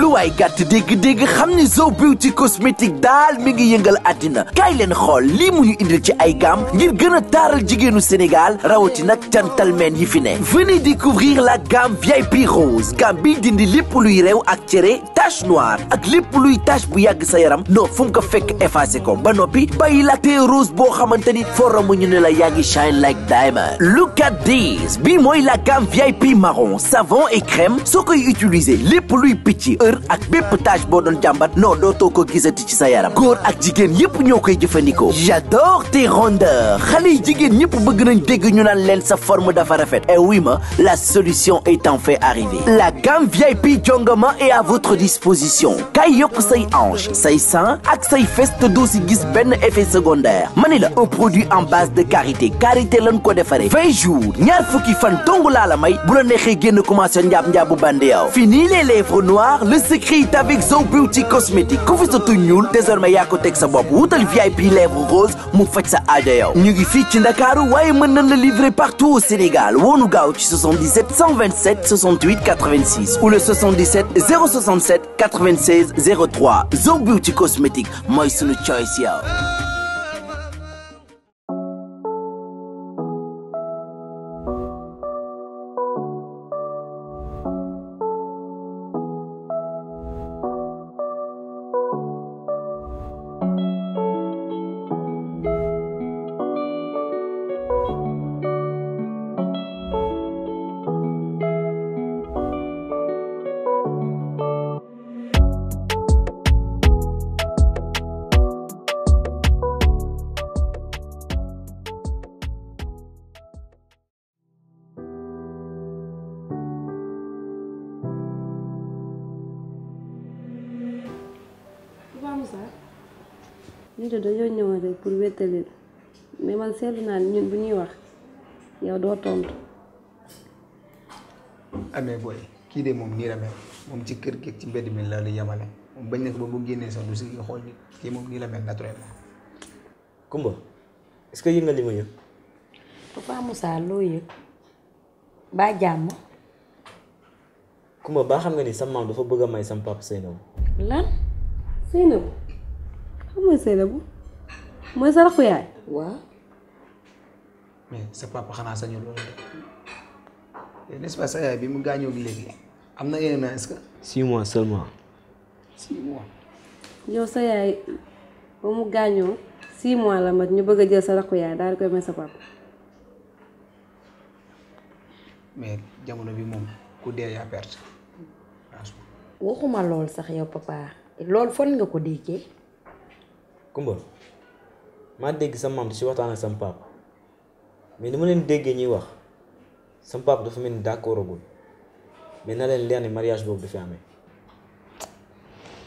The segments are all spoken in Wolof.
lu ay gàtt dégg-dégg xam ni Zo Beauty cosmétique daal mi ngi yëngal àddina kaay leen xool lii mu ñu indil ci ay gamme ngir gën a taaral jigéenu Sénégal rawati nag gentleman yi fi ne venez découvrir la gamme pi rose gamme bi dindi lépp luy réew ak cere tache noire ak lépp luy tache bu yàgg sa yaram non fu mu ko fekk effacé ko ba noppi bàyyi la tee rose boo xamante ni foramu ñu ne la yàgg ngi shine like diamond look at this bii mooy la gamme VIP marron savon crème soo koy utiliser lépp luy picc heure ak bépp tache boo doon jàmbat non dootoo ko gisati ci sa yaram góor ak jigéen yépp ñoo koy jëfandikoo j'adore tes rondeurs xale yi jigéen ñëpp bëgg nañ dégg ñu naan leen sa forme dafa rafet et eh oui ma la solution est en fait arrivée la gamme VIP Jongama est à votre disposition kay yokk say hanche say sein ak say fesse te doo si gis benn effet secondaire ma la un produit en base de karité karité lañ ko defaree 20 jours ñaar fukki fan dong laa la may bu la neexee génn commencé njàpp fini les lèvres noires le secret avec Zo Beauty Cosmetics. ku fi sa ñuul désormais yaa ko teg sa bopp wutal VIP lèvres roses, mu faj sa a yaw ngi fii ci Ndakaaru waaye livrer partout au Sénégal Ou le 77 127 68 86 ou le 77 067 96 03 Zo Beauty moi my sunu choice yaw respecté leen mais man seetlu naa ñun bu ñuy wax yow doo tontu. amee ah, booy kii de moom nii la mel moom ci kër gi ci mbedd mi la lu yemale moom bañ nekk ba bu génnee sax du si xool nit kii moom nii la mel naturellement. Kumba est-ce que yëngal li ma yëg. Papa Moussa loo yëg baa jàmm. Kumba baa xam nga ni sa maam dafa bëgg a may sam papa Seynabou. lan Seynabou xam nga mooy sa rakku yaay. mais sa papa xanaa sañuloo loolu de eh, n'est-ce sa yaay bi mu gaañoo léegi am na yeneen est-ce que. six mois seulement. six yow sa yaay ba mu gaañoo six mois la mat ñu bëgg a jël sa rakku daal di koy may sa papa. mais jamono bi moom ku dee perte. waxuma lool sax yow papa loolu fan nga ko déggee. Kumba. maa dégg sama maam di si waxtaan ak sama papa mais ni ma leen déggee ñuy wax sama papa dafa mel ni d'accord agul mais na leen leer ni mariage boobu dafa amee.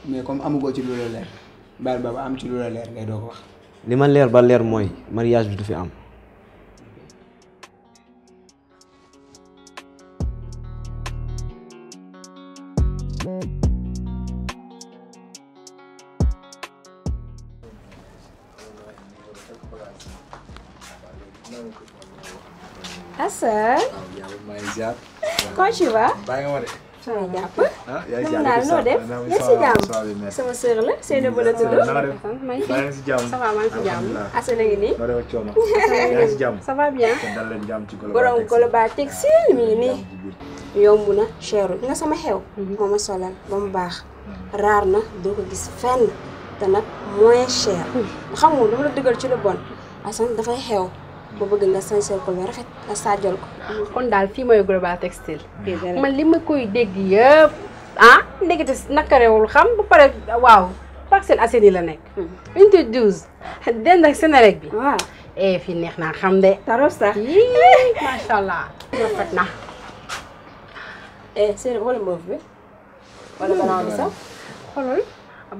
mais comme amugoo ci lu la leer baal ba ba am ci lu la leer ngay doo ko wax. li ma leer ba leer mooy mariage bi du fi am. manche va baa nga ma de sama jàpp ya? iya, jam. noo def nga si jàmm sama sœur la seen a bëla jam. maa ngi si jàmm ça va maa ngi si jam. asa na ngi nii ça va bien borom goloba textile mi ngi nii yomb na cheru nga sama xew moo ma solal ba mu baax raar na doo ko gis fenn te nag moins cher xam nga dama la dugal ci lu bon asan dafay xew ba bëgg nga sañseel ko lu rafet nga saajal ko. kon daal fii mooy global textile. man li ma koy dégg yëpp ah ndekete nakarewul xam ba pare waaw Parcelles Assainies la nekk. Hmm. unité 12 dend ak Sénélec bi. waaw ah. eh fii neex naa xam de. trop sax yii macha allah. rafet na. eh Sénégal wala mauve bi sax. xoolal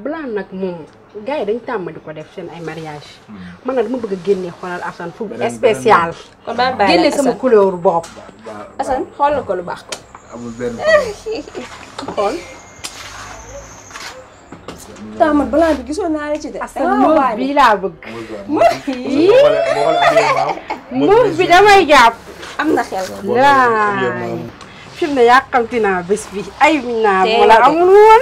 blanc nag moom. gaay dañ tàmm di ko def seen ay mariage hmm. man nag dama bëgg a xolal xoolal Assane fu spécial. kon sama couleur bop Assane xol na ko lu bax ko. amul ben xol taamat bala bi gisoon na la ci de. Assane ah, mo bi la bëgg. mo bi damay jàpp. am na xel. la fi mu ne yàqamti naa bés bi ay na wala amul won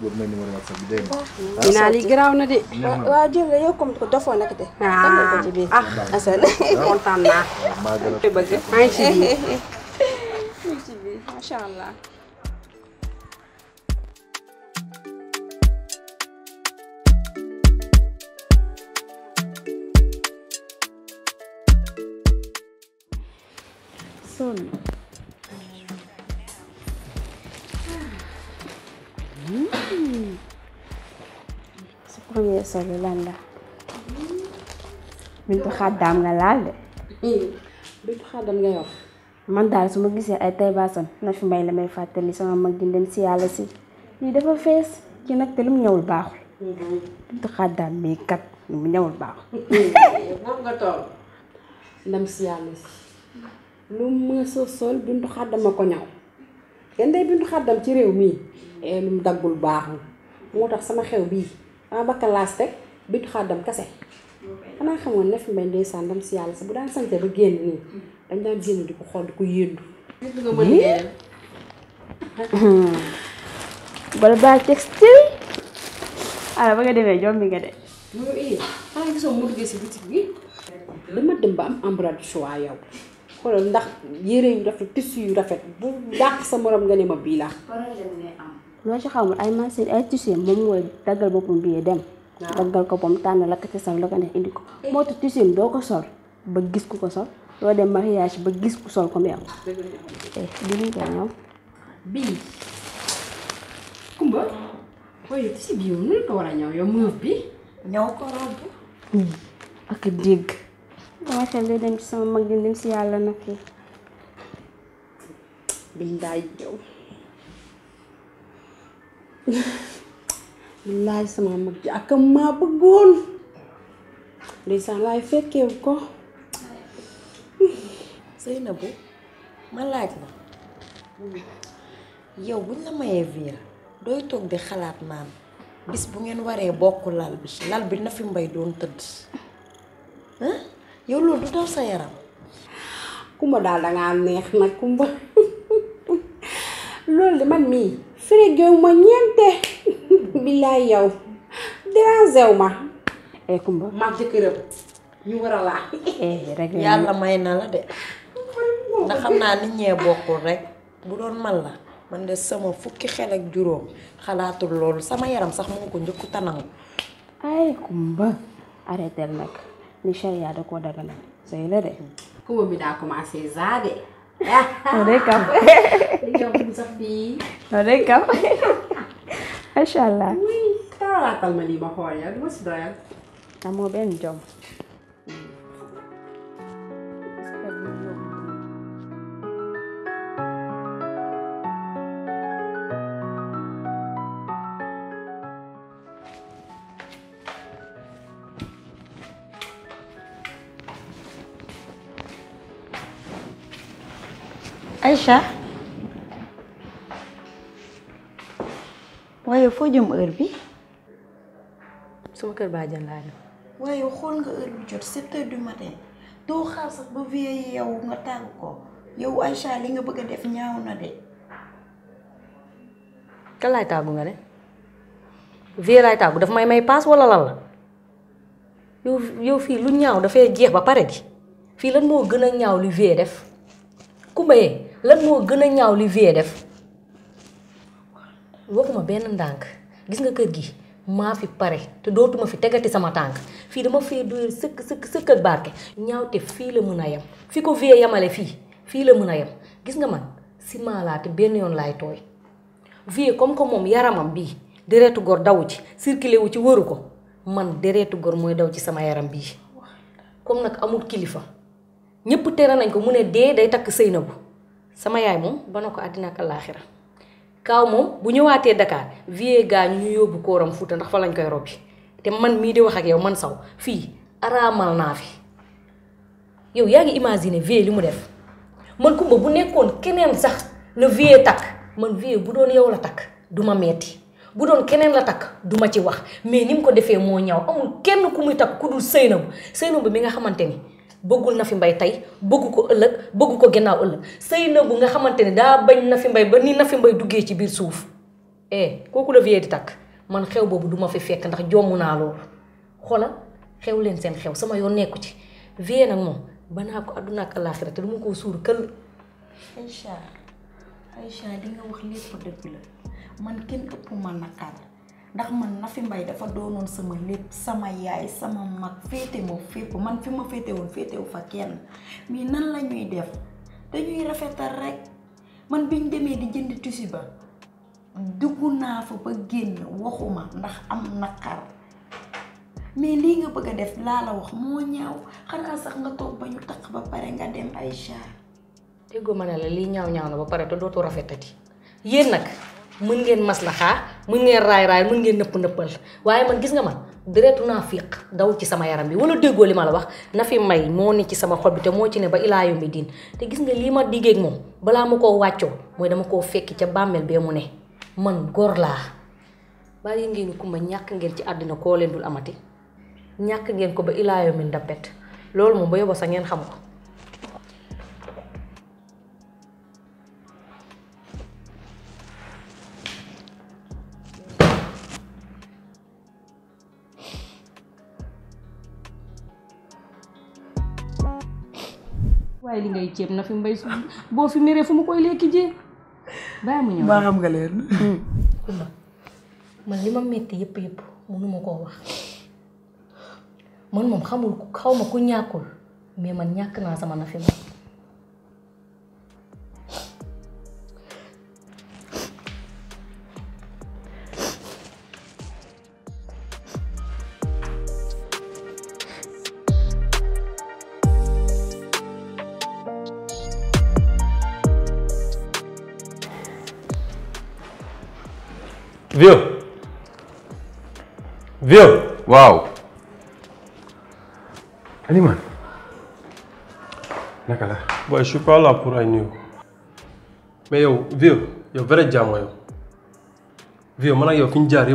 boobu mooy nga. dinaa ah, li garaaw na de. waaw Diop yow comme ko dofoo nag de. ah ko ci biir ah, ah Assane ah, kontaan naa. maa ngi bëgg maa ngi premier solu la bintu xaddaam nga daal su ma gisee ay tay baasan la may fàttali sama mag di si yàlla si lii dafa fees ci nag te lu mu ñëwul baaxul bintu xaddaam mii kat lu mu ñëwul baaxul moom nga toll ndam si si lu ma sa sol bintu xaddaam ko ñaw kenn day bintu xaddam ci réew mii eh, lu mu daggul baaxul moo tax sama xew bii dama ah, bakkalaas rek bitu xàddam kase xanaa xamoon na fi mbay ndeysaan sandam si yalla sa bu daan sante ba génn ni dañ dan génn di ko di ko ala ba nga jombi nga de xanaa si boutique bi dama dem ba am choix yow ndax bu sa morom nga loo ci xamul ay machine ay tissu moom mooy daggal boppam bii dem. daggal ko boppam tànn la ko ci la ko neex indi ko. moo tax tissu doo ko sol gis ku ko sol loo mariage ba gis ko mu yow. dëgg la eh, ñëw. bii. Kumba. war a ñëw yow mu bi. Hmm. ak dégg. dama xel di dem sama mag di dem si yàlla na kii. laaj sama mag ji ak maa bëggoon ndeysaan waaye fekkewu ko Seynabou ma laaj la yow buñ la mayee Vera dooy toog di xalaat maam bis bu ngeen waree bokk lal bi lal bi na fi mbay doon tëdd yow loolu du daw sa yaram kumba daal dangaa neex na kumba loolu de man mii firigew ma ñeente billaay yow déranger ma eh war a laa eh, rek yàlla may na la de ndax naa nit ñee bokkul rek bu doon man la mën de sama fukki xel ak juróom xalaatul loolu sama yaram sax moo ko njëkku tanangu ay Kumba arrêté nag li charia da koo daganal sëy la de Kumba bi daa commencé zaade ah جنب صفي هذيك ما شاء الله وي كثار المليمة هواية واش داير؟ مو بين جنب Aisyah foo jëm heure bi sama kër bàjjan laa dem waaye xool nga heure bi jot sept heures du matin doo xaar sax ba vieille yow nga tàng ko yow Aïcha li nga bëgg a def ñaaw na de kan laay tàggu nga ne vieille laay tàggu daf may may paas wala lan la yow yow fii lu ñaaw dafay jeex ba pare gi fii lan moo gën a ñaaw li vieille def ku lan moo gën a ñaaw li vie def waxuma benn ndànk gis nga kër gi maa fi pare te dootuma fi tegati sama tànk fii dama fee doyal sëkk sëkk sëkk ak ñaaw te fii la mën a yem fi ko vie yemale fii fii la mën a yem gis nga man si maalaate benn yoon laay tooy vie comme moom yaramam bii deretu gor daw ci circulé wu ci wëru ko man deretu góor mooy daw ci sama yaram bii comme nag amul kilifa ñëpp tere nañ ko mu ne dee day takk sëy bu sama yaay moom ba ko àddina ak laaxira kaaw moom bu ñëwaatee Dakar vie gaa ñu yóbbu kooram Fuuta ndax fa lañ koy robbi te man mii de wax ak yow man saw fii araamal naa fi yow yaa ngi imaginer vie li mu def man kumba bu nekkoon keneen sax la vie takk man vie bu doon yow la takk du ma metti bu doon keneen la takk duma ci wax mais ni mu ko defee moo ñaw amul kenn ku muy takk ku dul Seynabou Seynabou bi nga xamante ni bëggul na fi mbay tey bëgg ko ëllëg bëgg ko gannaaw ëllëg sëy na bu nga xamante ni daa bañ na fi mbay ba ni na fi mbay duggee ci biir suuf eh kooku la vieux di takk man xew boobu duma fi fekk ndax jomm naa loolu xoolal xew leen seen xew sama yoon nekku ci vieux nag moom banaa ko àdduna ak àllaaxira te du ma koo suur këll. Aïcha Aïcha di nga wax lépp dëgg la man kenn ëpp ma naqar ndax man na Nafi mbay dafa doonoon sama lépp sama yaay sama mag féete moom fépp man fi ma féete woon féetewu fa kenn mais nan la ñuy def dañuy rafetal rekk man biñ demee di jënd tusi ba dugg naa fa ba génn waxuma ndax am naqar mais lii nga bëgg a def laa la wax moo ñaaw xanaa sax nga toog ba ñu taq ba pare nga dem ay Aïcha déggoo ma ne la lii ñaaw ñaaw na ba pare te dootu rafetati yéen nag mën ngeen maslaxa mën ngeen raay raay mën ngeen nëpp nëppal waaye man gis nga man deretu naafiq daw ci sama yaram bi wala déggoo li ma la wax na fi may moo ne ci sama xol bi te moo ci ne ba ilaa yombi diin te gis nga lii ma moom balaa ma koo wàccoo mooy dama koo fekki ca bàmmeel bee mu ne man góor laa bàyyi ngeen ma ñàkk ngeen ci àddina koo leen dul amati ñàkk ngeen ko ba ilaa yombi ndappet loolu moom ba sa ngeen xam ko waaye li ngay ceeb na fi mbay su boo fi meree fu ma koy lekk jee bàyyi mu ñëw maa xam nga leen man li ma metti yëpp yëpp mënuma koo wax man moom xamul xaw ma ku ñàkkul mais man ñàkk naa sama na fi ma Viu? Wow. Animal. Nakala. Boy, je suis lá por aí, un Mas eu, viu? Yo vrai já, yo. Viu, mano, eu yow fiñ jaar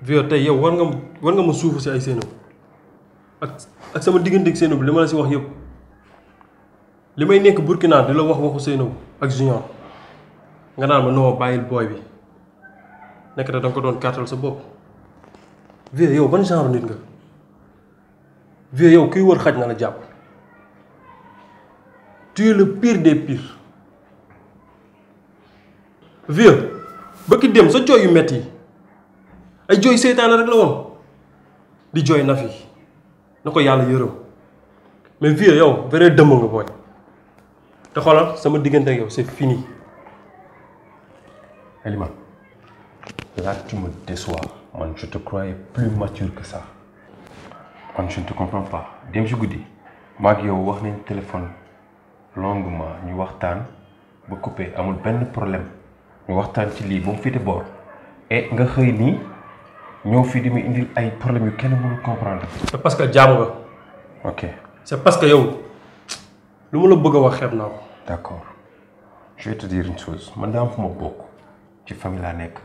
Viu até eu, eu nga me nga ma suufu ci ay Ak sama digin ak seenu li ma la ci wax yépp. Li may Burkina di la wax waxu seenu ak Junior. Nga naan ma boy bi. Nek da ko don sa vieux yow ban genre nit nga vieux yow kuy wër xaj la tu es le pire des pires vieux ba ki dem sa jooy metti ay jooy es rek la di mais vieux yow vrai dëmm nga booy te xoolal sama diggante yow c'est fini Alima, là tu me déçois man je te croyais plus mature que ça man je ne te comprends pas dem je goudi. ma ak yow wax nañ téléphone longuement ñu waxtaan ba couper amul ben problème ñu waxtaan ci li bu mu féete et nga xey ni ñëw fi dimi indil ay problème yu kenn mënu comprendre. c'est parce que jaamu ba. ok c'est parce que yow lu mu la bëgg wax xeeb d'accord je vais te dire une chose man daa am bokk ci famille la nekk.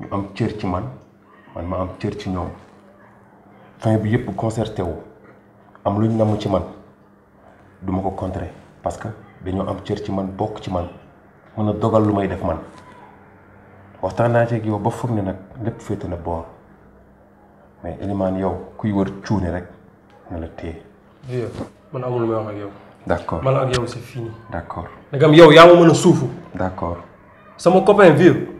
Je am un ci man man ma am cër ci ñoom fin bi yëpp concerté wu am suis un ci man duma ko parce que dañoo am cër ci man ci man a dogal lu def man waxtaan naa yow ba mais Elimane yow kuy wër cuune rek na man may wax ak yow. d' c'est fini. d' accord. yow yaa ma mën a copain vieux.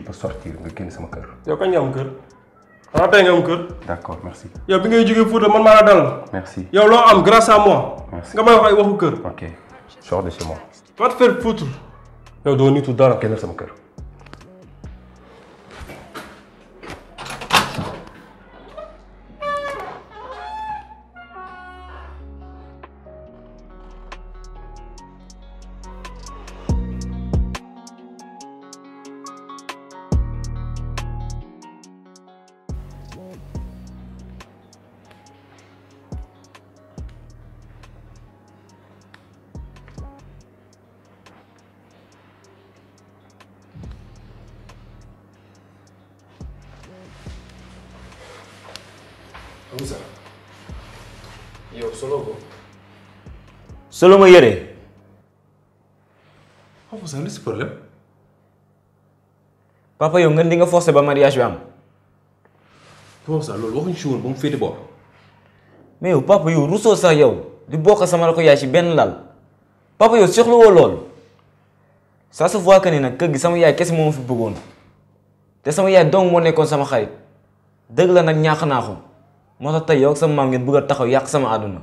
tu peux sortir nga génn sama kër. yow kañ nga am kër. xanaa nga am kër. d'accord merci. yow bi ngay jógee Fouta man maa la dal. merci yow loo am grâce à moi. merci nga may wax ay waxu kër. ok sors de chez moi. va te faire foutre. yow doo nitu dara génnal sama kër. solo ma yére. xaw ma sax papa yow nga di nga forcé ba mariage bi am. papa sax loolu waxuñu si woon ba mu féete bopp. mais yow papa yow rusoo sax yow di bokk sama la yaay ci benn lal papa yow soxlawoo lool. ça se voit que ni nag kër gi sama yaay kese moo fi bëggoon te sama yaay dong moo nekkoon sama xarit dëgg la nag ñaax naa ko moo tax tey yow ak sama maam ngeen bëgg a taxaw yàq sama àdduna.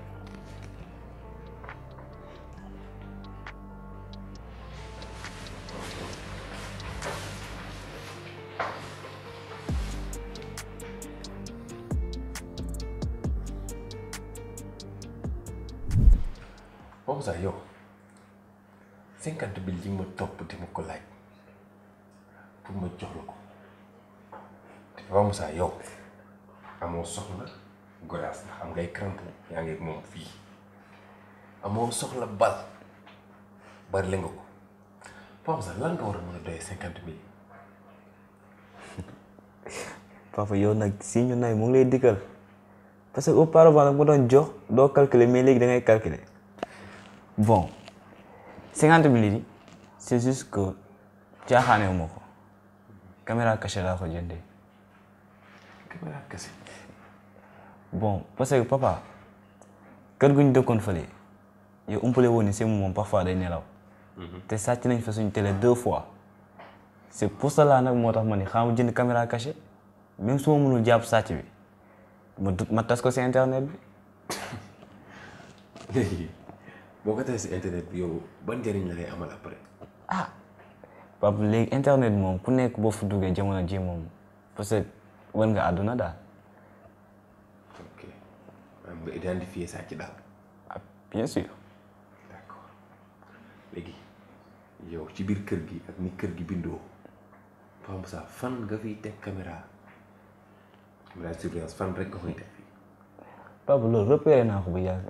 moom sax yow cinquante mille yi ma topp di ma ko laaj pour ma jox la ko te Papa Moussa yow amoo soxla godaas ndax am ngay crampo yaa ngi moom fii amoo soxla bal bari la nga ko Papa Moussa lan nga war a mën a doyee cinquante mille papa yow nag sinyo ñu nay mu ngi lay dikkal parce que auparavant nag mu doon jox doo calculer mais léegi da ngay calculer bon cinquante mille yi c'est juste que caaxaanewu ma ko caméra cachée laa ko jëndee. caméra cachée. bon parce papa kër gu ñu dëkkoon fële yow umpale woon ni seen moom parfois day nelaw. Mhm. te sàcc nañ fa suñu télé deux fois. c'est pour nag moo tax ma ni xaaral jënd caméra cachée même su ma mënul jàpp sàcc bi ma ma tas ko si internet bi. boo ko tey si internet bi yow ban njëriñ la lay amal après. ah papa léegi internet moom ku nekk boo fu duggee jamono ji moom parce que wan nga àdduna daal. ok am nga saa ci daal. ah bien sûr. d' accord ci biir kër gi ak ni kër gi bindoo Pape Moussa fan nga fi teg caméra caméra surveillance fan rek nga koy teg fii. papa loolu repéré naa ko bu yàgg.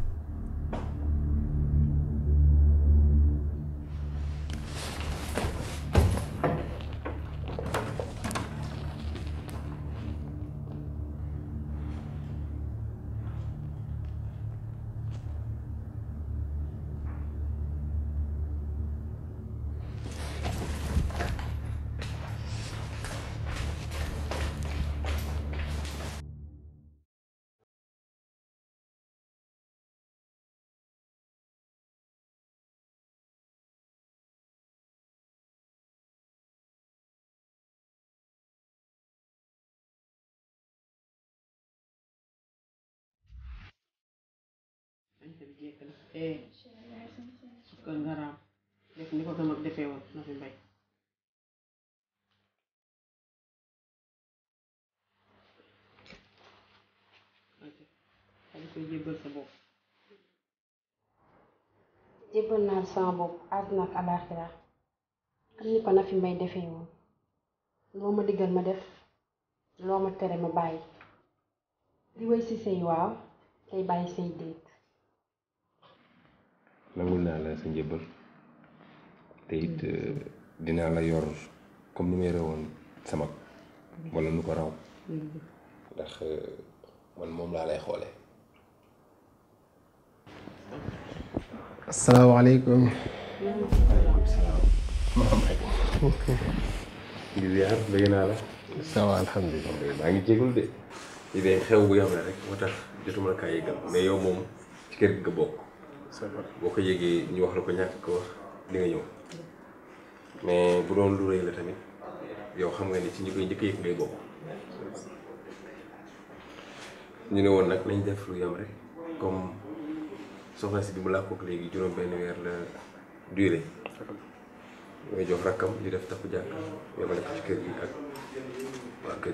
Eh, kon na fi mbay koy jébbal sa bopp naa sama bopp àdduna ak alaaxira am ni ko na fi mbay defee loo ma diggal ma def loo ma tere ma bàyyi di wéy si say waaw tey bàyyi say déet nangul naa la sa njëbbal te mm. euh, dinaa la yor comme ni ma yore woon sama wala nu ko raw mm-hmm. ndax euh, man moom laa lay xoole asalaamaaleykum bëgg naa la ça alhamdulilah maa ngi jégul de li day xew bu yam la rek moo tax jotuma la yëgal mais yow moom ci kër gi nga bokk boo ko yëgee ñu wax la ko ñàkk ko wax di nga ñëw mais bu doon lu rëy la tamit yow xam nga ni ci ñi koy njëkk yëg ngay bokk ñu ne woon nag lañ def lu yam rek comme soxna si bi mu làkkook léegi juróom benn weer la durée ngay jox rakkam ñu def takku jàkk yamale ko ci kër gi ak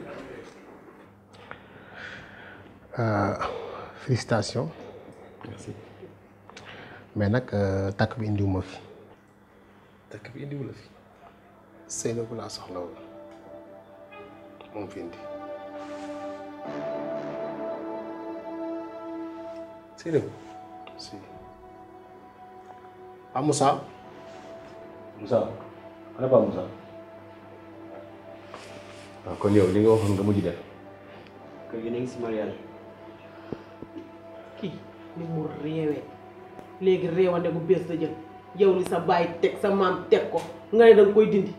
waa mais nag euh, takk bi indiwu ma fi. takk bi indiwu la fi. Seynabou laa soxla woon moom fi indi. Seynabou. si. Pa Moussa. Moussa ana ah, kon yow li nga waxoon nga mujj def. kër gi nañ si mariage. kii ni mu réewee. léegi réewande bu bees la jël yow li sa baay teg sa maam teg ko nga ne danga koy dindi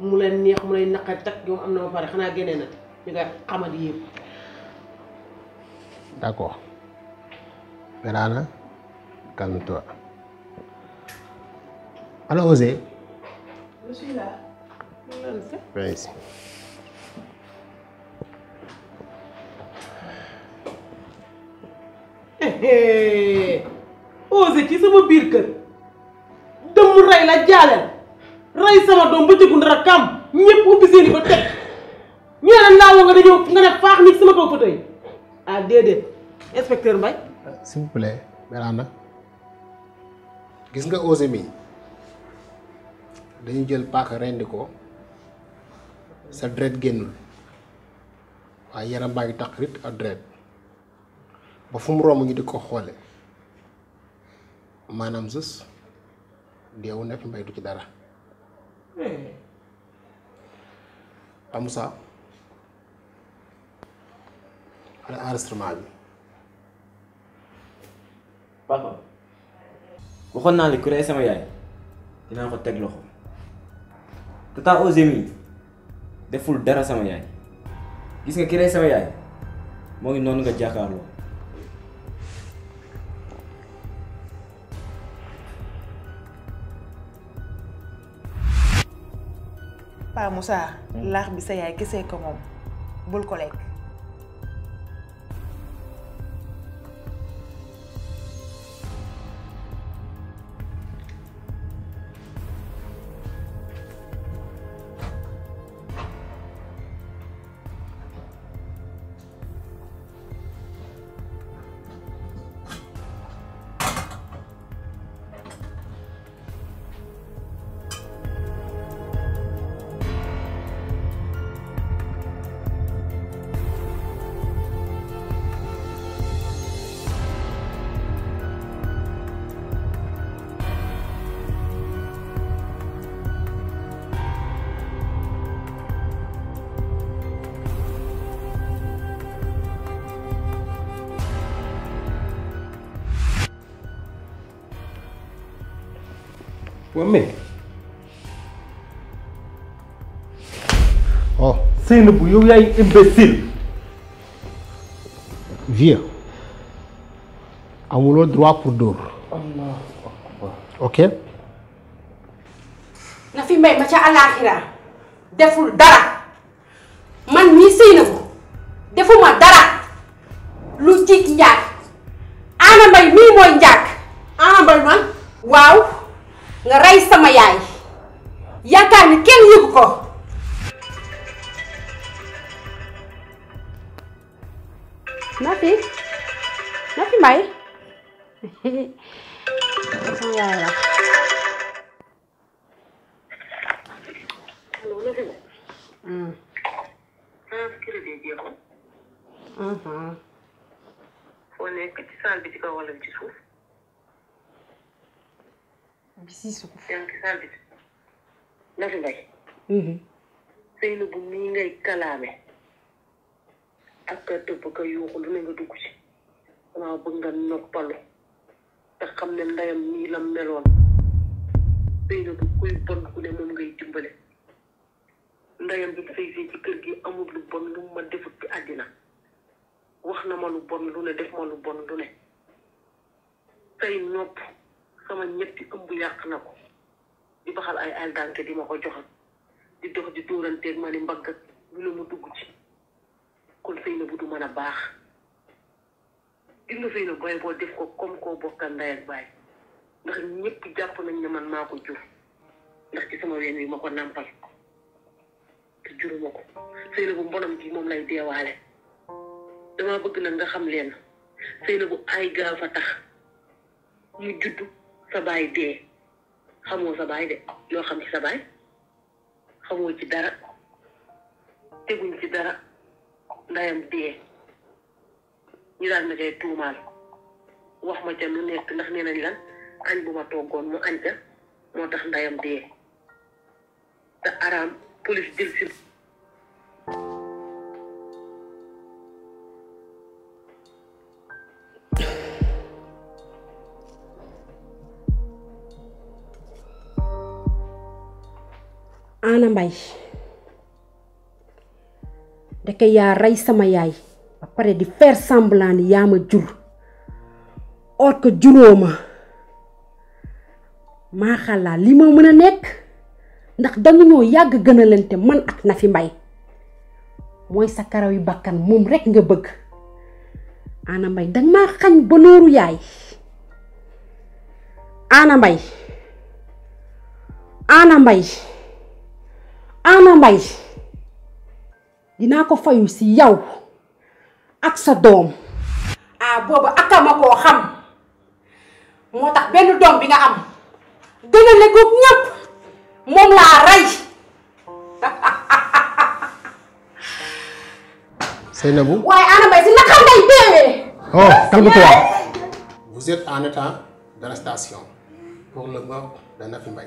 mu lay neex mu lay naqari tak yow am na ma pare xanaa génnee na te ñu ngay xamadi yëpp posé ci sama biir kër dëmm rey la jaaleel rey sama doom ba jëgu ndara kam ñëpp ubbi seen i teg ñu ne naaw nga dañoo nga ne faax nit sama kaw fauteuil ah déedéet inspecteur Mbaye. Euh, s'il dañu jël paaka rendi ko sa dret génnul waaye yaram baa ngi tax rit ak dret ba fu mu romb ñu di ko xoole maanaam dia deewu nekk mbay du ci dara eh. Amoussa ana enregistrement bi papa waxon na li ku rey sama yaay dina ko tegg loxo Tata Ozemi deful dara sama yaay gis nga ki sama yaay mo ngi nonu nga jakarlo Pa Moussa hmm. laax bi sa yaay gisee ko moom bul ko lekk waaw mais oh Seynabou yow yaay imbécile vieux amuloo droit pour dóor ok na fi may ma ca alaaxira deful dara agarráis Bissouf yaa ngi na fi mii ngay kalaame ak tëb ka yuuxu lu ne nga dugg ci dama bëgg nga noppalu te xam ne ndeyam nii la meloon Seynabou kuy bon ku ne moom ngay dimbale ndeyam bi dafay fii ci kër gi amul lu bon lu ma defut ci àddina wax na ma lu bon lu ne def ma lu bon lu ne say nopp sama ñetti ëmb yàq na ko di baxal ay ay dànk di ma ko joxat di dox di dóoranteeg ma ni mbagg ak la mu dugg ci kon sëy na bu du mën a baax gis nga sëy na ko koo bokkal ndey ak baay nañ man maa ko jur ndax ci sama ween wi ma ko nàmpal ko sëy na bu mbonam ji moom lay deewaale dama bëgg nag nga xam leen sëy na bu ay gaa fa tax mu judd sa baay dee xamoo sa de loo xam ci sa baay xamoo ci dara teguñ ci dara ndayam dee ñu daal ma cay tuumaal wax ma ca lu nekk ndax nee nañ lan añ bu ma toggoon mu añ ca moo tax ndayam dee te araam police jël si Anna Mbaye ndeke ya ray sama yaay ba pare di faire semblant ni yaa ma jur or que juróo ma maa li ma mën a nekk ndax dañoo yàgg ya gënalante man ak Nafi mbay moy sa karaw yu bakkan moom rek nga bëgg ana mbay danga ma xagn ba nooru yaay ana mbay ana mbay Ana Mbaye dinaa ko fayu si yow ak sa doom ah boobu aka koo xam moo tax benn doom bi nga am gën a nekkoog ñépp moom laa rey Seynabou waaye Ana Mbaye si naka ngay deewee oh calme-toi vous êtes en état d'arrestation pour le meurtre de Nafi Mbaye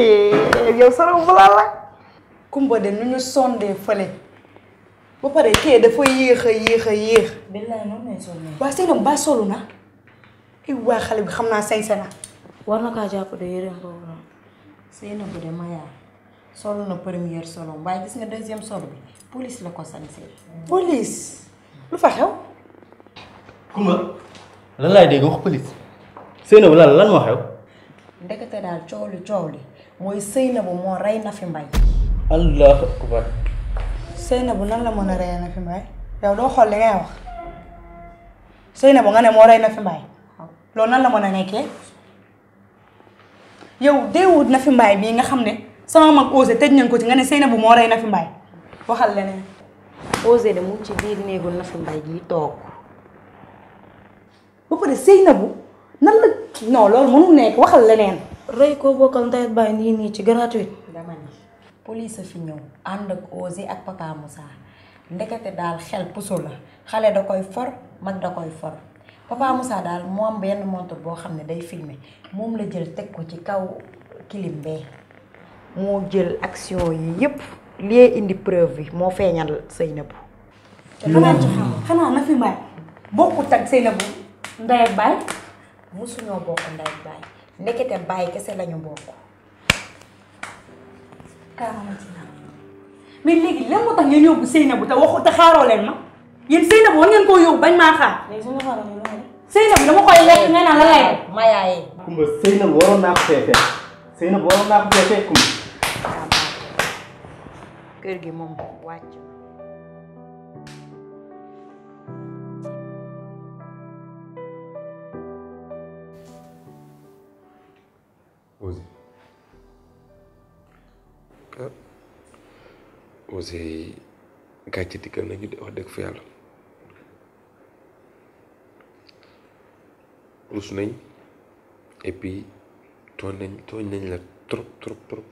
yow saraw balaa la kumba de nu ñu sondee fële ba pare kee dafa yéex a yéex a yéex billaay noonu lay sonnee waa bu baa solu na ay waa xale bi xam naa sañse na war na kaa jàpp de yéreem boobu noonu seenam bu de mayaa solu na première solo waaye gis nga deuxième solo bi police la ko sañsee police lu fa xew kumba lan dégg wax police seenam lan lan moo xew ndekete daal coow li coow li mooy Seynabou moo rey Nafi Mbaye. allahu akbar. Seynabou nan la mën a rey Nafi Mbaye yow doo xool li ngay wax Seynabou nga e ne moo rey Nafi Mbaye loolu nan la mën a nekkee yow deewut Nafi Mbaye bii nga xam ne sama mag Osé tëj nañ ko ci nga ne Seynabou moo rey Nafi Mbaye waxal leneen. Osé de mu ngi ci biir néegu Nafi mbay ji toog ba pare Seynabou nan la non loolu mënul nekk waxal leneen. rey koo bokkal ndey ak nii nii ci gratuit. dama ni police ak papa Moussa ndekete daal xel puso la xale da koy for mag da koy for papa Moussa daal moom benn montre boo xam ne day filmer moom la jël teg ko ci kaw kilim bee moo jël action yi yépp liy indi preuve bi moo feeñal Seynabou. te xanaa ci na fi may bokkut ak Seynabou ndey ak baay musuñoo bokk ndey ak ndekete bàyyi kese lañu bokk ñu ci naa mais léegi lan moo tax ngeen yóbbu Seynabou te waxu te xaaroo leen ma yéen Seynabou war ngeen koo yóbbu bañ maa xaar Seynabou dama koy lekk nga naan la lay ma yaay Kumba Seynabou waroon naa ko fee fekk Seynabou waroon naa ko fee fekk Kumba kër gi moom wàcc ah Ouzin gàcce dikkal nañu de wax dëgg fa yàlla rus nañ et puis tooñ nañ tooñ nañ la trop trop trop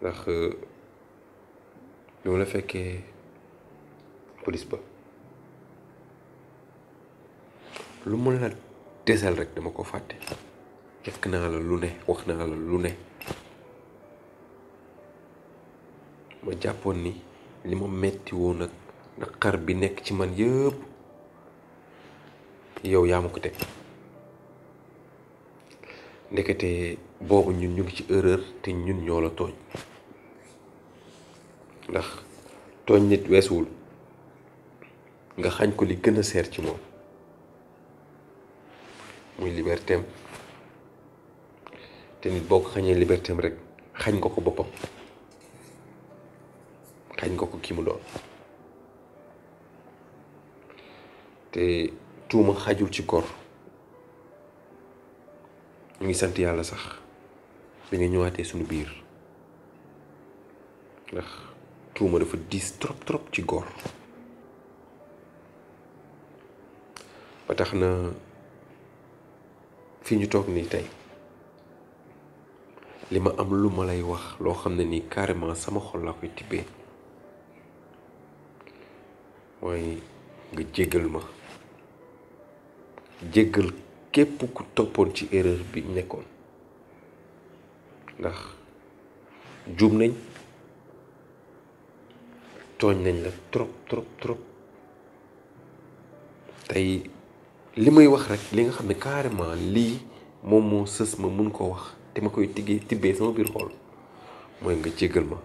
ndax li euh, ma la fekkee police ba lu mën la desal rek dama ko fàtte def naa la lu ne wax naa la lu ne ma jàppoon ni li ma metti woon ak naqar bi nekk ci man yëpp yow yaa ma ko teg ndekete boobu ñun ñu ngi ci erreur te ñun ñoo la tooñ ndax tooñ nit weesuwul nga xañ ko li gën a seer ci moom muy libertéem te nit boo ko xañee liberté rek xañ nga ko boppam xañ nga ko kii mu doon te tuuma xajul ci kor mu ngi sant yàlla sax bi nga ñëwaatee suñu biir ndax tuuma dafa diis trop trop ci góor ba tax na fi ñu toog nii tey li ma am lu ma lay wax loo xam ne nii carrément sama xol laa koy tibbee mooy nga jéggal ma jéggal képp ku toppoon ci erreur bi nekkoon ndax juum nañ tooñ nañ la trop trop trop tey li may wax rekk li nga xam ne carrément lii moom moo sës ma mun ko wax te ma koy tiggee tibbee sama biir xool mooy nga jéggal ma.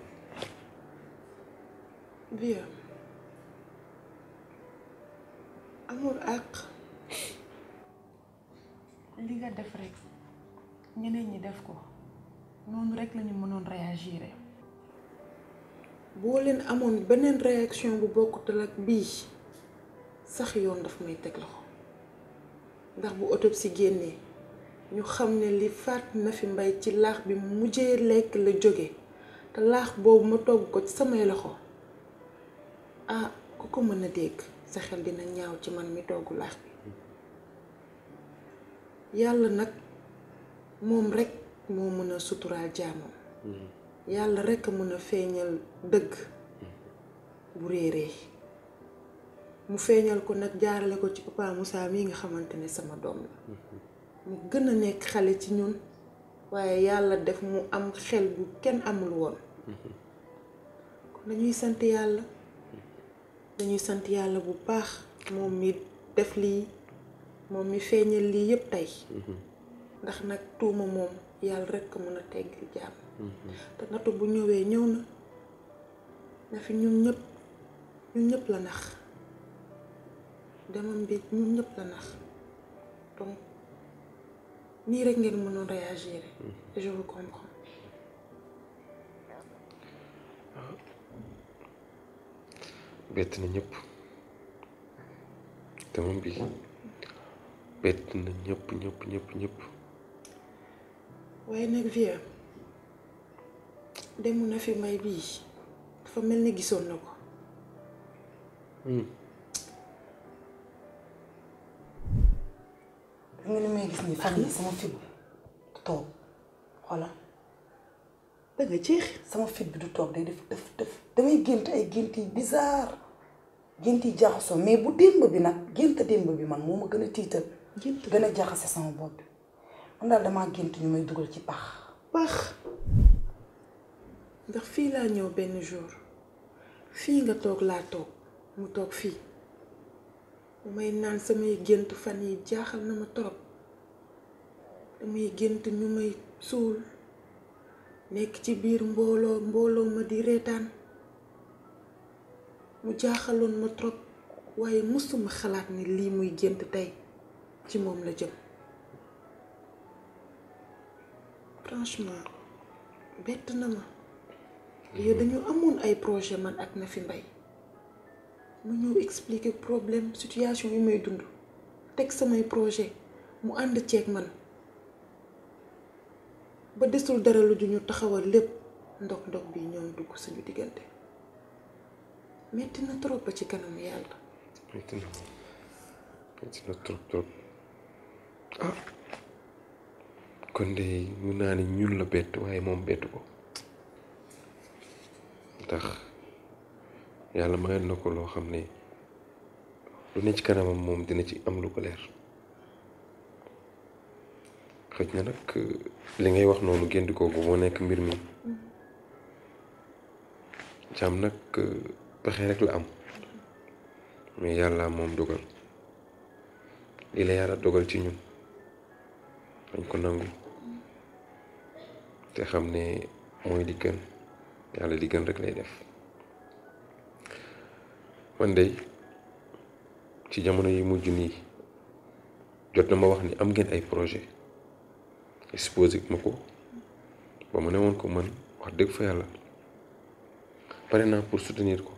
bien amul àq li nga def rek ñeneen ñi def ko noonu rek lañu mënoon réagir. boo leen amoon beneen réaction bu bokkutal ak bii sax yoon daf may teg loxo ndax bu autopsie génnee. ñu xam ne li faat na fi mbay ci laax bi mu mujjee lekk la jóge te laax boobu ma togg ko ci samay loxo ah ku ko mën a dégg sa xel dina ñaaw ci man mi togg laax bi yàlla nag moom rekk moo mën a suturaal jaamam yàlla rekk a mën a feeñal dëgg bu réeree mu feeñal ko nag jaarale ko ci papa Moussa mii nga xamante ne sama doom la mu gën a nekk xale ci ñun waaye yàlla def mu am xel bu kenn amul woon kon dañuy sant yàlla dañuy sant yàlla bu baax moom mi def lii moom mi feeñal lii yëpp tey ndax nag tuuma moom yàlla rekk mën a teggi jàmm te natu bu ñëwee ñëw na na fi ñun ñëpp ñun ñëpp la nax demam bi ñun ñëpp la nax ni rek ngeen mënoon réagir je vous comprends. bett na ñëpp te moom bi bett na ñëpp ñëpp ñëpp ñëpp. waaye nag vieux demu na fi may bii dafa mel ni gisoon na ko. Hmm. ñu li may gis nii sama fit bi du toog xoola sama fit du toog day def def def damay ay gént bizarre gént yi me mais bu na bi nag me démb bi man moo ma gën a tiital gént gën a jaxase sama bopp bi man daal damaa gént ñu may dugal ci pax pax ndax fii laa ñëw fii may naan samay gént fan yi jaaxal na ma torop damay gént ñu may suul nekk ci biir mbooloo mbooloo ma di reetaan mu jaaxaloon ma trop waaye mësuma xalaat ni lii muy gént tey ci moom la jëm franchement bett na ma yooyu dañu amoon ay projet man ak Nafi Mbaye mu ñëw le problème situation yi may dund teg samay projet mu ànd ceeg man ba desul dara lu ñu taxawal lépp ndox ndox bi dugg suñu diggante metti na trop ci kanam yàlla. metti na metti na trop trop ah, de ñun la bett yàlla mayal na ko loo xam ne lu ne ci kanamam moom dina ci am lu ko leer xëj na nag li ngay wax noonu génn googu moo nekk mbir mi jaam nag pexe rek la am mais yàlla moom dogal lii la yàlla dogal ci ñun dañ ko nangu te xam ne mooy li gën yàlla li gën rek lay def man de ci jamono yi mujj nii jot na ma wax ni am ngeen ay projet exposé ma ko ba mu ne woon ko man wax dëgg fa yàlla pare naa pour soutenir ko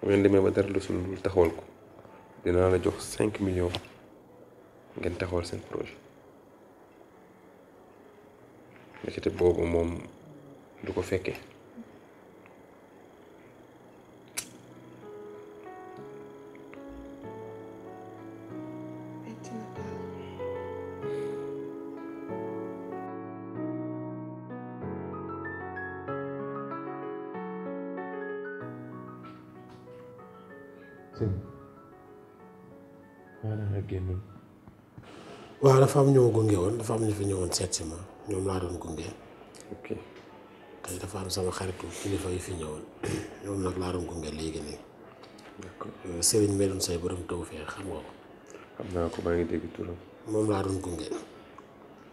bu ngeen demee ba dara lu sul lu taxawal ko dinaa la jox cinq millions ngeen taxool seen projet ndekete boobu moom du ko fekkee waaw dafa am ñu gunge woon dafa am ñu fi ñëwoon seet si ma ñoom laa doon gunge. ok dafa am sama xaritu kilifa yi fi ñëwoon ñoom nag laa doon gunge léegi nii. d'accord euh, Serigne Medoune Seye borom tawfeex xam nga ko. xam naa ko maa ngi dégg turam. moom laa doon gunge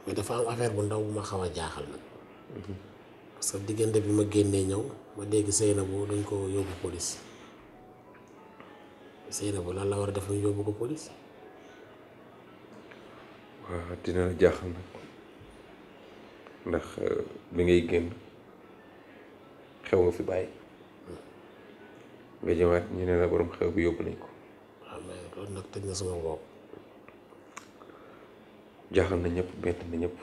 mais dafa am affaire bu ndaw bu ma xaw a jaaxal nag. Mhm. parce diggante bi ma génnee ñëw ma dégg Seynabou dañ ko yóbbu police. bu lan la war def ba bëgg police. wa dina la jaaxal nag ndax bi ngay genn xew nga fi bàyyi nga jëmaat ñu ne la borom xew bi yóbbu nañ ko. waaw mais loolu nag tëj na sama bopp. jaxal na ñëpp bet na ñëpp.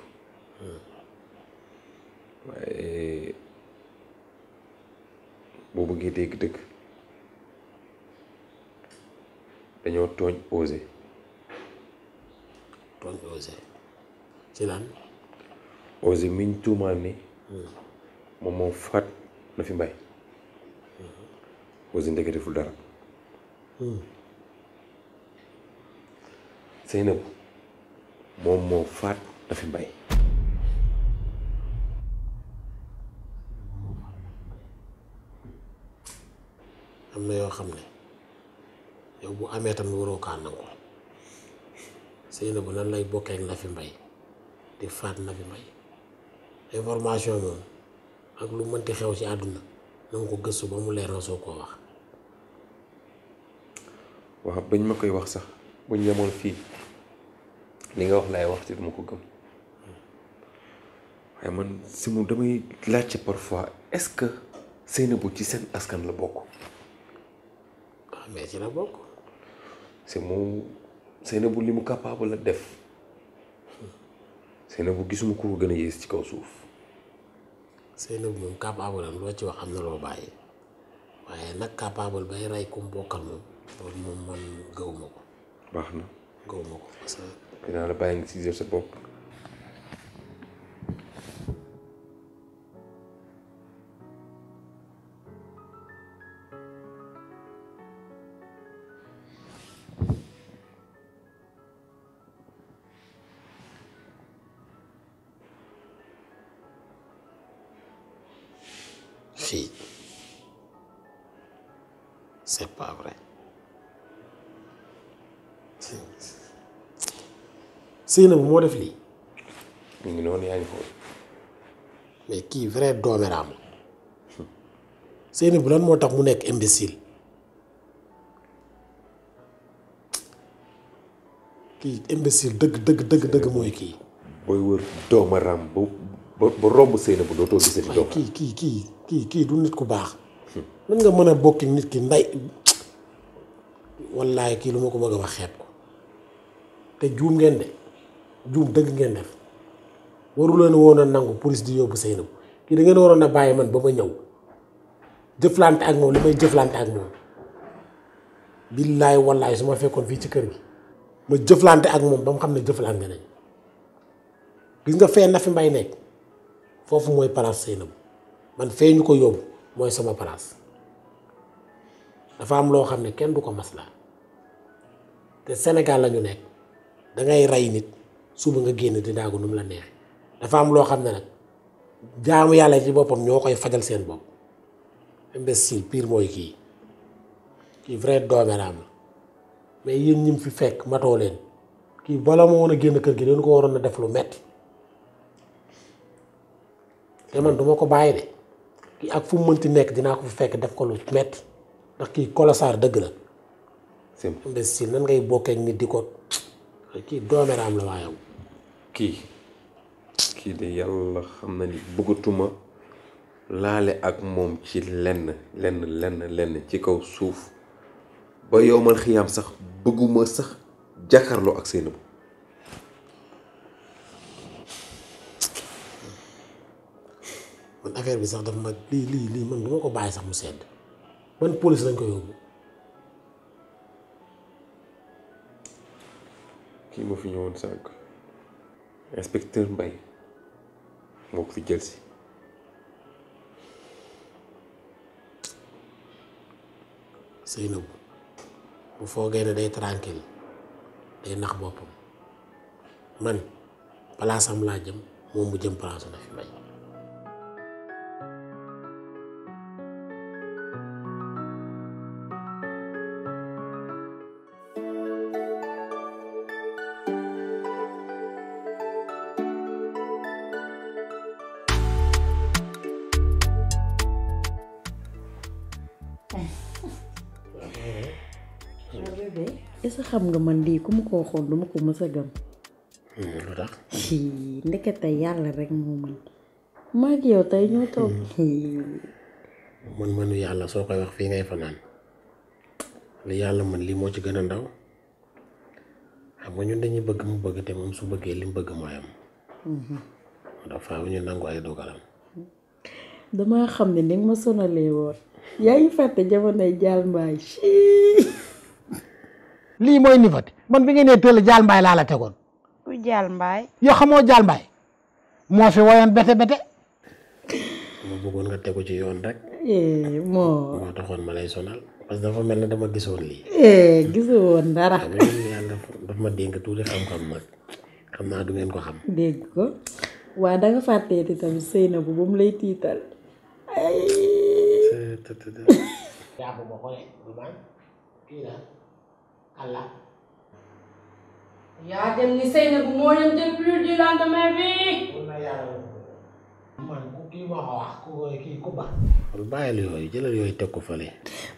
waye bu bëggee dégg dëgg. dañoo tooñ osé. tooñ osé ci lan. osé miñ tuumaal ni. Hmm. moom moo Fat na fi mbay. Hmm. osé ndeke deful dara. Seynabou hmm. moom moo faat na fi mbay. am na yoo xam ne. yow bu amee tamit waroo kaa nangu Seynabou nan lay bokkee ak Nafi Mbay di faat Nafi Mbay information moom ak lu mënti xew ci àdduna na nga ko gëstu ba mu leer nga soo koo wax waaw bañ ma koy wax sax buñ yemoon fii li nga wax laay wax ci duma ko gëm waaye man si mu damay laajte parfois est-ce que Seynabou ci seen askan la bokk ah, mais ci la bokk c' est moom Seynabou li mu capable la def Seynabou gisuma ku ko gën a yées ci kaw suuf. Seynabou moom capable am loo ci wax am na loo bàyyi waaye nag capable bay rey ku mu bokkal moom loolu moom man gëw ko. baax na gëw ko parce que. la bàyyi nga si sa bopp. Seynabou moo def lii. mu ngi noonu yaa ngi foofu. mais kii vrai doomeraam Seynabou lan moo tax mu nekk imbécile kii imbécile dëgg dëgg dëgg dëgg mooy kii. booy wër bu ba ba ba romb Seynabou dootoo gisati doom. kii kii kii kii kii du nit ku baax. nan nga mën a bokki nit ki nday wallaay kii lu ma ko bëgg a wax ko te juum ngeen de. juum dëgg ngeen def waru leen woon a nangu police di yóbbu Seynabou kii da ngeen waroon a bàyyi man ba ma ñëw jëflante ak moom li may jëflante ak moom billaay wallaay su ma fekkoon fii ci kër gi ma jëflante ak moom ba mu xam ne jëflante nañ gis nga fee nafi mbay nekk foofu mooy place Seynabou man fee ñu ko yóbbu mooy sama place dafa am loo xam ne kenn du ko maslaa te Sénégal la ñu nekk da rey nit. suba nga génn di daagu nu mu la neex dafa am loo xam ne nag jaamu yàlla ci boppam ñoo koy fajal seen bopp imbécile piir mooy kii kii vrai doomeraam la mais yéen ñim fi fekk matoo leen kii bala ma woon génn kër gi leen ko waroon a def lu metti te man duma ko bàyyi de kii ak fu mu mënti nekk dinaa ko fi fekk def ko lu metti ndax kii kolosaar dëgg la imbécile nan ngay bokkee ak nit di ko kii doomeraam la waaye kii kii de yàlla xam na ni bëggatuma laale ak moom ci lenn lenn lenn lenn ci kaw suuf ba yowmal xiyaam sax bëgguma sax jàkkarloo ak seen man affaire bi sax dafa ma lii lii man duma ko bàyyi sax mu sedd man police lañ ko yóbbu kii ma fi ñëwoon sànq inspecteur mbay moo ko fi jël si Seynabou bu foogee ne day tranquille day nax boppam man palaasam laa jëm moom mu jëm palaasu Nafi Mbaye xam nga man lii ku ma ko waxoon du ma ko mës a gëm. Hmm, lu tax. ndekete yàlla rek moo mën maa yow tey ñoo toog. Hmm. man nu yàlla soo koy wax fii ngay fanaan li yàlla mën lii moo ci gën a ndaw xam nga ñun dañuy bëgg mu bëgg te moom su bëggee li mu bëgg mooy am. ndax hmm. faaw ñu nangu dogalam. damaa xam ne ni ma sonalee woon yaa fàtte jamonoy jaal mbaay. lii mooy nifat man bi ngeen nee tëll jaal mbaay laa la tegoon. ku jaal mbaay. yoo xamoo jaal mbaay moo fi woyoon bete bete. ma bëggoon nga tegu ci yoon rek. Eh, moo moo taxoon ma lay sonal parce que mel ne dama gisoon lii. Eh, gisoo woon dara. daf ma dénk tuuti xam-xam nag xam naa du ngeen ko xam. dégg ko waa da nga fàtteeti tamit sëy na bu ba mu lay tiital. Allah yaa dem teg ko fële.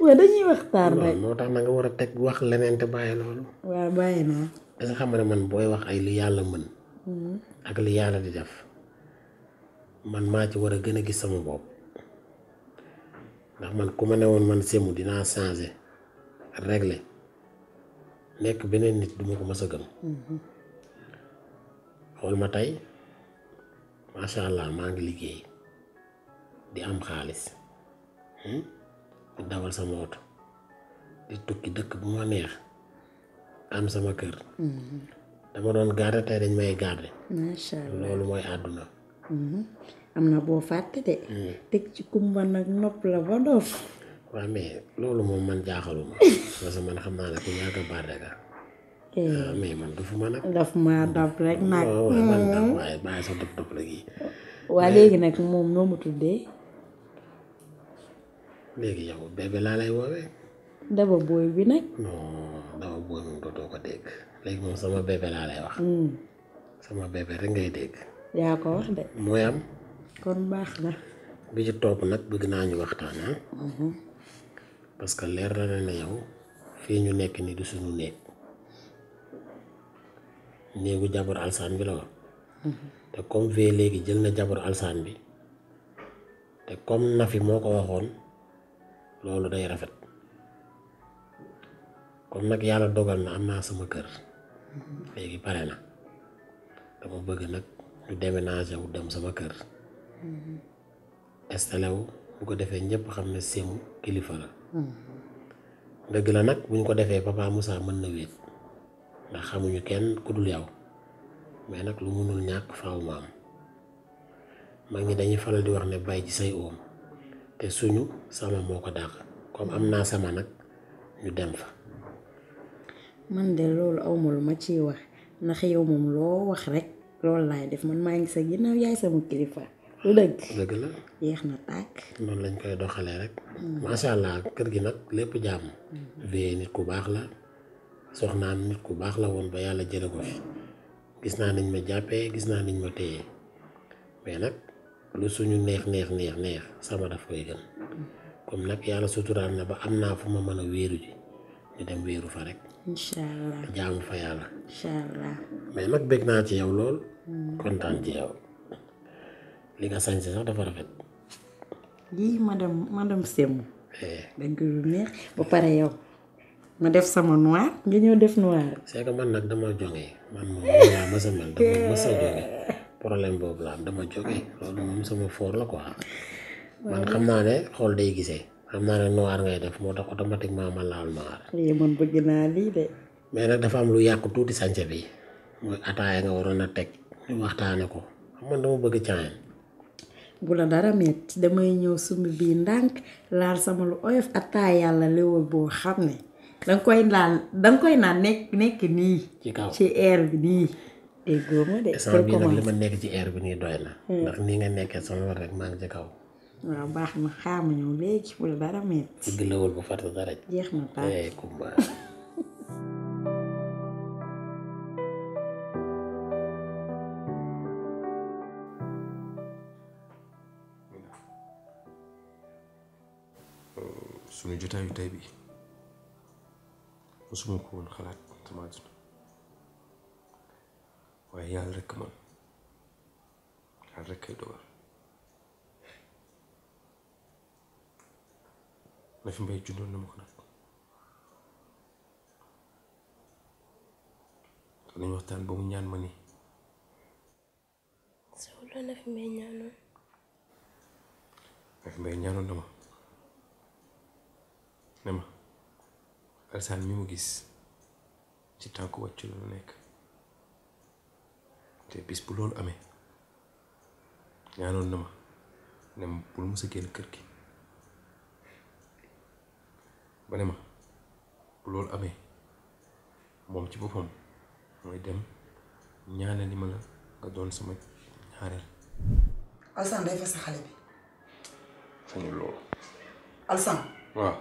waaw dañuy waxtaan moo tax na nga war a teg wax leneen te bàyyi loolu. man booy wax ay li yàlla mën. ak li yàlla di def man maa ci war a gën a gis sama bopp ndax man ku ma ne woon man semu dinaa changer régler. nekk beneen nit duma ko mës a mhm. xool ma tey macha allah maa ngi liggéey di am xaalis hmm, di dawal sama oto di tukki dëkk bu ma neex am sama kër mhm. dama doon garde tey dañ may garde loolu mooy àdduna mhm. am na boo fàtte de hmm. teg ci kumba nag nopp la ba doof waaw mais loolu moom man jaaxaluma parce man xam naa ne ku ñàkk a baat ah. hmm. ma ma hmm. hmm. waa léegi nag moom laa lay woowee. daba booy bi nag. non daba booy moom dootoo ko dégg léegi moom sama bébé laa lay wax. sama bébé rek ngay dégg. yaa ko wax de. mooy am. kon baax na. bi ci topp nag bëgg naa ñu waxtaan ah. parce que leer na ne yow fii ñu nekk ni du suñu néeg néegu jabar alsaan bi la woon te comme fee léegi jël na jabar alsaan bi te comme Nafi moo ko waxoon loolu day rafet comme nag yàlla dogal na am naa sama kër léegi pare na dama bëgg nag ñu déménager wu dem sama kër mm-hmm. installé wu bu ko defee ñëpp xam ne Sémou kilifa la dëgg la nag bu ñu ko defee papa Moussa mën na wéet ndax xamuñu kenn ku dul yow mais nag lu mënul ñàkk faaw mu am mag ñi dañuy faral di wax ne bàyyi ci say oom te suñu sama moo ko dàq comme am naa sama nag ñu dem fa. man de loolu awma lu ma ciy wax ndax yow moom loo wax rek loolu laay def man maa ngi sa ginnaaw yaay sama kilifa. lu dëgg. dëgg la. yéex na tàkk. noonu lañ koy doxalee rek. Hmm. macha allah kër gi nag lépp jàmm. Hmm. vie nit ku baax la soxnaam nit ku baax la woon ba yàlla jële ko fi gis naa niñ ma jàppee gis naa niñ ma téyee mais nag lu suñu neex neex neex neex sama daf koy gën hmm. comme nag yàlla suturaal na ba am naa fu ma mën a wéeru ji ñu dem wéeru fa rek. incha allah jaamu fa yàlla. mais nag bëgg naa ci yow lool. kontaan ci yow. li nga sañse sax dafa rafet. yii madame madame Semou. Eh. ba pare yow ma def sama noir nga ñëw def noir. c'est que man nag dama jóge man moom eh. boobu am dama jóge loolu moom sama foor la quoi. man xam naa ne xool day gisee. xam naa ne noir ngay def moo tax automatiquement ma laal noir. eh man bëgg naa lii de. mais nag dafa am lu yàqu tuuti sañse bi mooy ataaya nga waroon a teg ñu waxtaane ko man dama bëgg caayan. bu la dara metti damay ñëw summi bii ndànk laal sama lu oyof attaay yàlla léwal boo xam ne danga koy naan danga koy naan nekk nekk nii ci kaw air bi nii déggoo ma de sama bii nag li ma nekk ci air bi nii doy na hmm. ndax nii nga nekkee sama war rek maa ngi ci kaw waaw baax na xaama ñëw léegi bu la dara metti dëgg léwal bu fàtte dara jeex na baax eh, من جتا يتابي وسمو كون خلات تماجن وهي على ركمن على ركه دوا ما في بيت جنون نمخنا تاني وقتان بومي نيان ماني سولو نفي بيت جنون نفي بيت جنون نمخنا ne ma alsaan mi mu gis ci tànk wàccu la nekk te bis bu loolu amee ñaanoon na ma ne bul mës a génn kër gi ba ne ma bu loolu amee moom ci boppam mooy dem ñaanali ma la nga doon sama ñaareel alsaan day fas sa xale bi sañul loolu alsaan waaw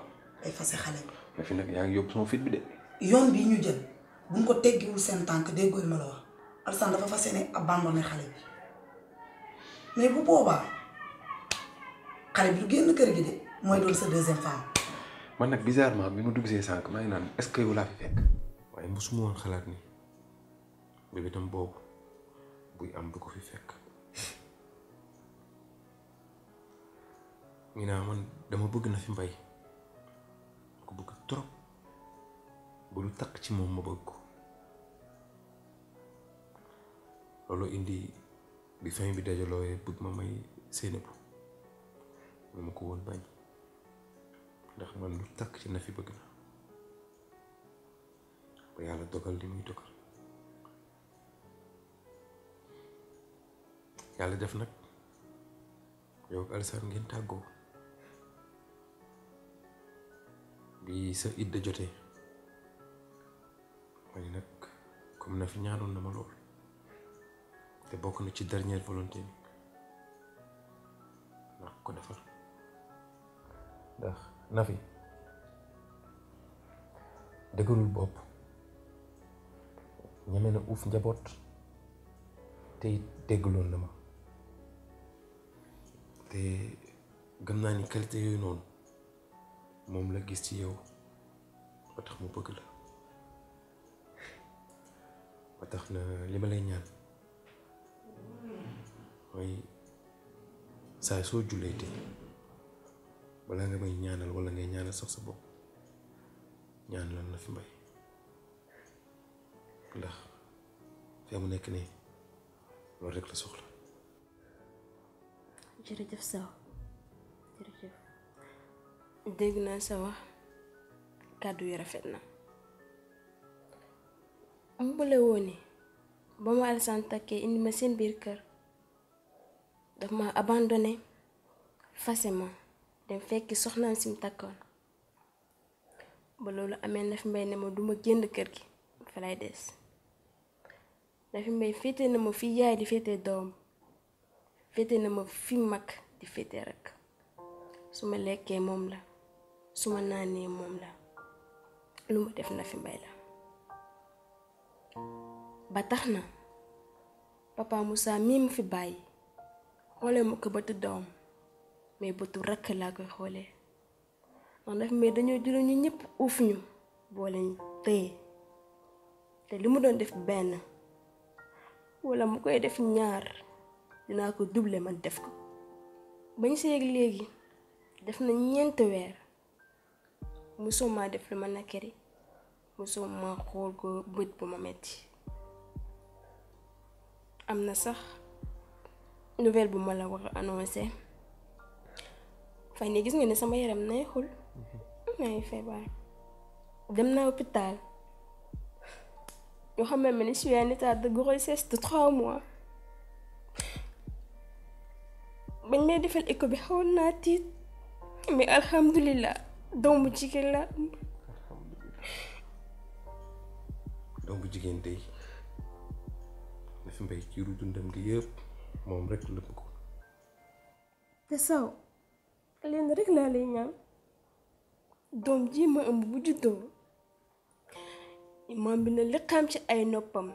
ay fase xale bi fi nag yaa ngi yóbbu sama fit bi de yoon bi ñu jël buñ ko teggiwul seen tànk déggoo ma la wax Alassane dafa fas yéene abandonné xale bi mais bu boobaa xale bi du génn kër gi de mooy doon sa deuxième femme. man nag bizarrement bi mu dugg see sank maa ngi naan est-ce que yow laa fi fekk. waaye mosuma woon xalaat ni bébé tam boobu bu am bu ko fi fekk. ñu naa man dama bëgg na fi mbay. trop ba lu takk ci moom ma bëgg ko loolu indi bi fin bi dajalooyee bëgg ma may Seynabou ma ma ko woon bañ ndax man lu takk ci Nafi bëgg na ba yàlla dogal li muy dogal yàlla def nag yow ak Alassane ngeen tàggoo bi sa idda jotee ma ne nag comme na fi ñaanoon na ma lool te bokk na ci dernière volonté bi naa ko defal ndax Nafi dëgërul bopp ñeme na uuf njaboot te it déggloon na ma te gëm naa ni qualité yooyu noonu moom la gis ci yow ba tax mu bëgg la ba tax na li ma lay ñaan mooy saa soo jullee tey balaa nga may ñaanal walla ngay ñaanal sax sa bopp ñaan lan la fi mbay ndax fee mu nekk nii loolu rekk la soxla dégg naa sa wax kàddu yu rafet na mu bule ni ba ma sais takkee indi ma seen biir kër ma abandonné facilement dem fekki soxnaam si mu takkoon ba loolu amee na mbay ne ma duma génn kër gi fa lay des na mbay féete na ma fi yaay di féete doom féete na ma fi mag di féete rek su ma lekkee la su ma naanee moom la lu ma def na fi mbay la ba tax na papa Moussa mii mu fi bàyyi xoolee mu ko bëtu doom mais bëtu rakk laa koy xoolee ndax daf mais dañoo juróom ñu ñëpp uuf ñu boole ñu tëye te li mu doon def benn wala mu koy def ñaar dinaa ko duble man def ko bañ seeg léegi def na ñeenti weer musow def lu ma nakari musow xool ko bët bu ma metti am na sax nouvelle bu ma la war a annoncé fan gis nga ne sama yaram neexul naa mhm. ngi feebar dem na hôpital yoo xam ne je suis en état de grossesse de trois mois bañ may defal écho bi xawoon naa tiit mais alhamdulilah doom bu jigéen la am. doom bu jigéen tey dafa mbay ci dundam gi yëpp moom rek la bëgg. te saw leen rek laa lay ñaan doom ji ma ëmb bu juddoo imaam bi na liqaam ci ay noppam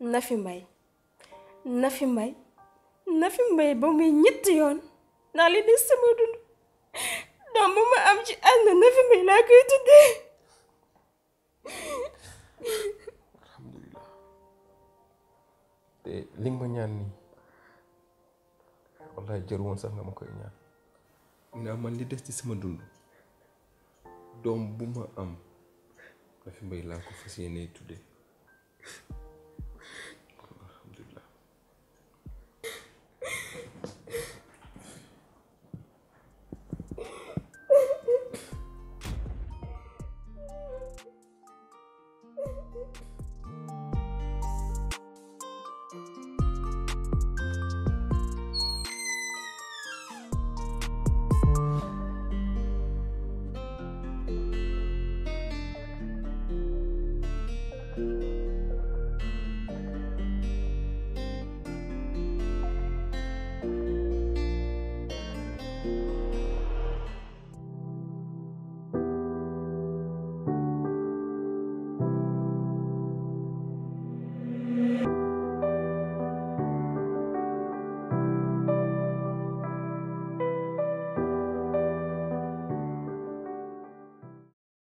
Nafi Mbaye Nafi Mbaye Nafi Mbaye ba muy ñetti yoon naa leen di sama dund. doom bu ma am ci àdduna na fi may laa koy tuddee alhamdulilah te li nga ñaan nii wallaay jër woon sax nga ma koy ñaan naa man li des ci sama dund doom bu ma am na fi mbay laa ko fas yéenee tuddee